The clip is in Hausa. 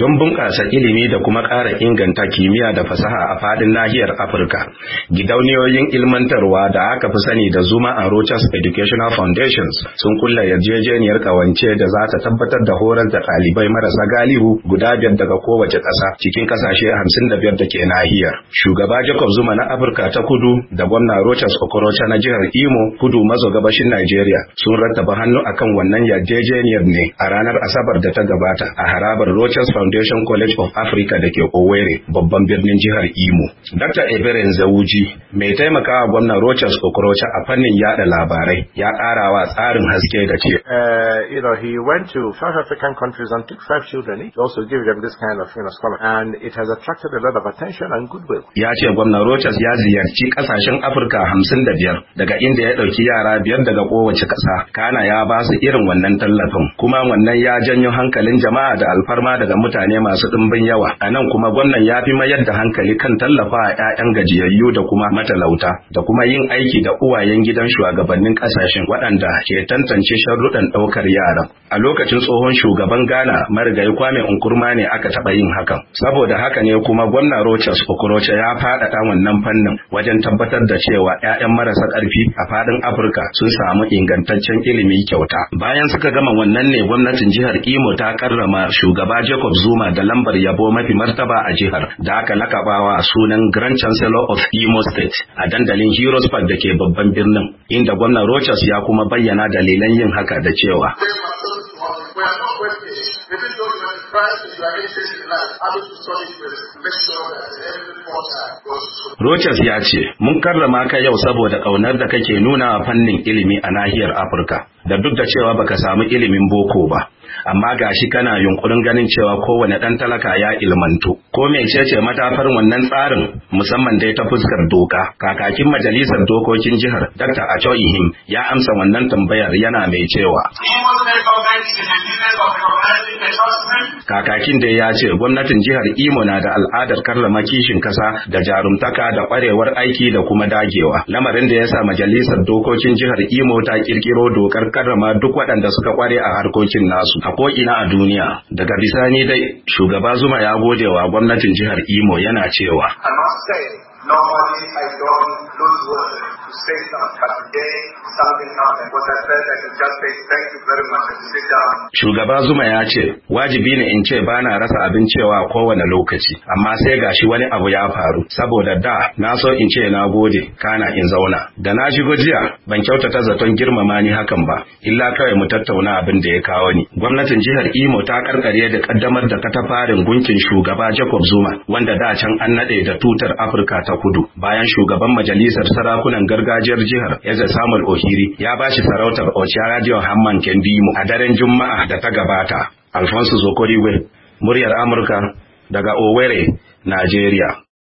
don bunƙasa ilimi da kuma ƙara inganta kimiyya da fasaha a faɗin nahiyar Afirka. Gidauniyoyin ilmantarwa da aka fi sani da Zuma and Rochas Educational Foundations sun kulla yarjejeniyar ƙawance da za ta tabbatar da horar da ɗalibai marasa galihu guda biyar daga kowace ƙasa cikin ƙasashe hamsin da biyar da ke nahiyar. Shugaba Jacob Zuma na Afirka ta Kudu da gwamna Rochas Okorocha na jihar Imo Kudu maso gabashin Najeriya sun rattaba hannu akan wannan yarjejeniyar ne a ranar Asabar da ta gabata a harabar Rochas Foundation Foundation College of Africa da ke Owerri babban birnin jihar Imo. Dr. Eberen Zawuji mai taimakawa gwamnan Rochas Okorocha a fannin yada labarai ya ƙara wa tsarin haske da ce. Uh, you know, he went to five African countries and took five children He also give them this kind of you know, scholarship and it has attracted a lot of attention and goodwill. Ya ce gwamnan Rochas ya ziyarci ƙasashen Afirka hamsin da biyar daga inda ya ɗauki yara biyar daga kowace ƙasa. Kana ya ba su irin wannan tallafin kuma wannan ya janyo hankalin jama'a da alfarma daga mutane mutane masu ɗimbin yawa. A nan kuma gwamnan ya fi mayar da hankali kan tallafa a 'ya'yan gajiyayyu da kuma matalauta da kuma yin aiki da uwayen gidan shugabannin ƙasashen waɗanda ke tantance sharruɗan ɗaukar yaran. A lokacin tsohon shugaban Ghana marigayi Kwame Nkrumah ne aka taɓa yin hakan. Saboda haka ne kuma gwamna Rochas Okorocha ya faɗaɗa wannan fannin wajen tabbatar da cewa 'ya'yan marasa ƙarfi a faɗin Afirka sun samu ingantaccen ilimi kyauta. Bayan suka gama wannan ne gwamnatin jihar Imo ta karrama shugaba Jacobs Zuma da lambar yabo mafi martaba a jihar da aka lakabawa sunan Grand Chancellor of Imo State a dandalin Heroes Park da ke babban birnin inda gwamnan Rochas ya kuma bayyana dalilan yin haka da cewa Rochas ya ce, Mun karrama ka yau saboda ƙaunar da kake nuna wa fannin ilimi a nahiyar Afirka, da duk da cewa baka samu ilimin boko ba, amma ga shi kana yunkurin ganin cewa kowane dan talaka ya ilmantu ko mecece matafar wannan tsarin musamman dai ta fuskar doka kakakin majalisar dokokin jihar Dr. Acho Ihim ya amsa wannan tambayar yana mai cewa kakakin dai ya ce gwamnatin jihar Imo na da al'adar karrama kishin kasa da jarumtaka da kwarewar aiki da kuma dagewa lamarin da ya sa majalisar dokokin jihar Imo ta kirkiro dokar karrama duk waɗanda suka kware a harkokin nasu a ko'ina a duniya. Daga bisani dai, shugaba Zuma ya gode wa gwamnatin jihar Imo yana cewa. Shugaba Zuma ya ce, wajibi ne in ce ba na rasa abin cewa kowane lokaci, amma sai ga shi wani abu ya faru, saboda da na so in ce na gode, kana in zauna. Da na shigo jiya, ban kyautata zaton girmama ni hakan ba, illa kawai mu tattauna abin da ya kawo ni. Gwamnatin jihar Imo ta karkare da kaddamar da katafarin gunkin shugaba Jacob Zuma, wanda da can an nade da tutar Afirka ta Kudu, bayan shugaban majalisar sarakunan gargajiyar jihar Eze Samuel Ohiri ya ya bashi sarautar Ochiaradio Hamman Kendimu a daren Juma'a da ta gabata. Alfonso Zokoriwe, muryar Amurka daga Owerri, Najeriya.